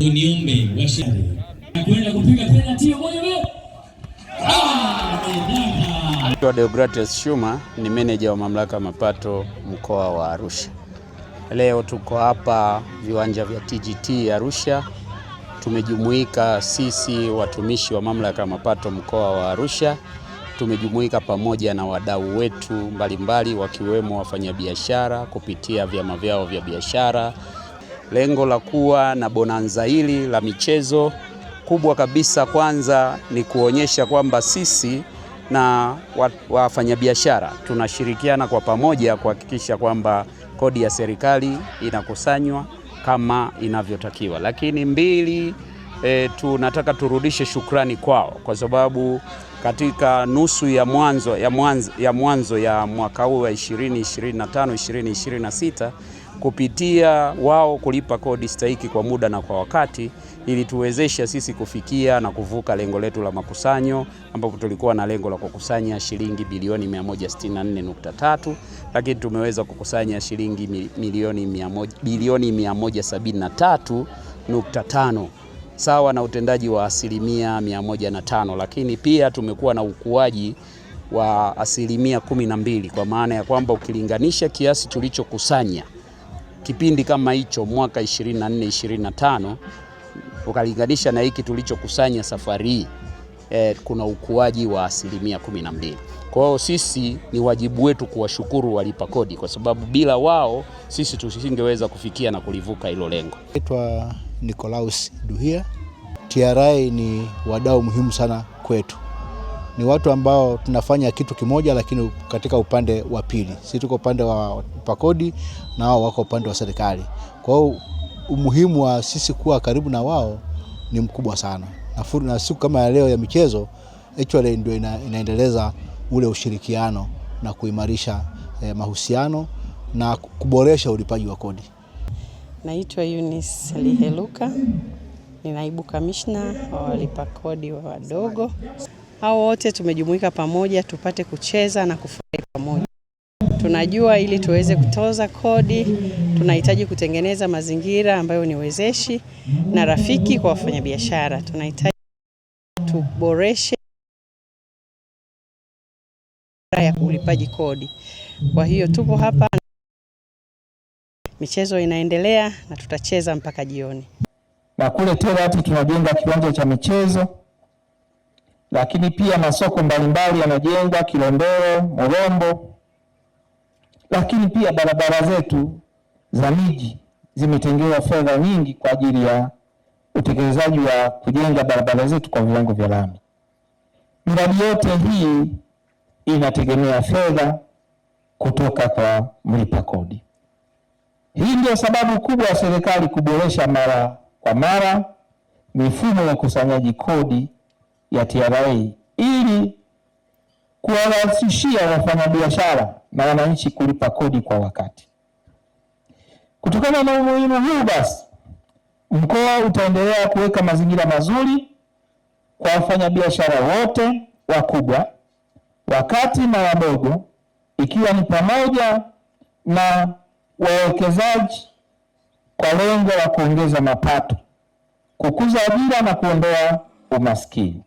Uniombe washari kwenda kupiga penalti Shuma ni meneja wa mamlaka ya mapato mkoa wa Arusha. Leo tuko hapa viwanja vya TGT Arusha, tumejumuika sisi watumishi wa mamlaka ya mapato mkoa wa Arusha, tumejumuika pamoja na wadau wetu mbalimbali wakiwemo wafanyabiashara kupitia vyama vyao vya biashara lengo la kuwa na bonanza hili la michezo kubwa kabisa, kwanza ni kuonyesha kwamba sisi na wafanyabiashara tunashirikiana kwa pamoja kuhakikisha kwamba kodi ya serikali inakusanywa kama inavyotakiwa. Lakini mbili, e, tunataka turudishe shukrani kwao kwa sababu katika nusu ya mwanzo ya mwanzo ya, mwanzo ya mwaka huu wa 2025 2026 kupitia wao kulipa kodi stahiki kwa muda na kwa wakati, ili tuwezesha sisi kufikia na kuvuka lengo letu la makusanyo, ambapo tulikuwa na lengo la kukusanya shilingi bilioni 164.3, lakini tumeweza kukusanya shilingi milioni bilioni 173.5 sawa na utendaji wa asilimia 105, lakini pia tumekuwa na ukuaji wa asilimia 12 kwa maana ya kwamba ukilinganisha kiasi tulichokusanya kipindi kama hicho mwaka 24 25 ukalinganisha na hiki tulichokusanya safari hii eh, kuna ukuaji wa asilimia 12. Kwa hiyo sisi ni wajibu wetu kuwashukuru walipa kodi, kwa sababu bila wao sisi tusingeweza kufikia na kulivuka hilo lengo. Naitwa Nikolaus Duhia. TRA ni wadau muhimu sana kwetu ni watu ambao tunafanya kitu kimoja, lakini katika upande wa pili. Sisi tuko upande wa pakodi na wao wako upande wa serikali. Kwa hiyo umuhimu wa sisi kuwa karibu na wao ni mkubwa sana, na siku kama ya leo ya michezo actually ndio ina, inaendeleza ule ushirikiano na kuimarisha eh, mahusiano na kuboresha ulipaji wa kodi. Naitwa Eunice Liheluka, ni naibu kamishna wa walipa kodi wa wadogo hao wote tumejumuika pamoja tupate kucheza na kufurahi pamoja. Tunajua ili tuweze kutoza kodi tunahitaji kutengeneza mazingira ambayo ni wezeshi na rafiki kwa wafanyabiashara. Tunahitaji tuboreshe ya ulipaji kodi. Kwa hiyo tupo hapa, michezo inaendelea na tutacheza mpaka jioni. Na kule Terati tunajenga kiwanja cha michezo lakini pia masoko mbalimbali yanajengwa Kilondero, Morombo, lakini pia barabara zetu za miji zimetengewa fedha nyingi kwa ajili ya utekelezaji wa kujenga barabara zetu kwa viwango vya lami. Miradi yote hii inategemea fedha kutoka kwa mlipa kodi. Hii ndio sababu kubwa ya serikali kuboresha mara kwa mara mifumo ya ukusanyaji kodi ya TRA ili kuwarahisishia wafanyabiashara na wananchi kulipa kodi kwa wakati. Kutokana na umuhimu huu, basi mkoa utaendelea kuweka mazingira mazuri kwa wafanyabiashara wote wakubwa, wakati na wadogo, ikiwa ni pamoja na wawekezaji kwa lengo la kuongeza mapato, kukuza ajira na kuondoa umaskini.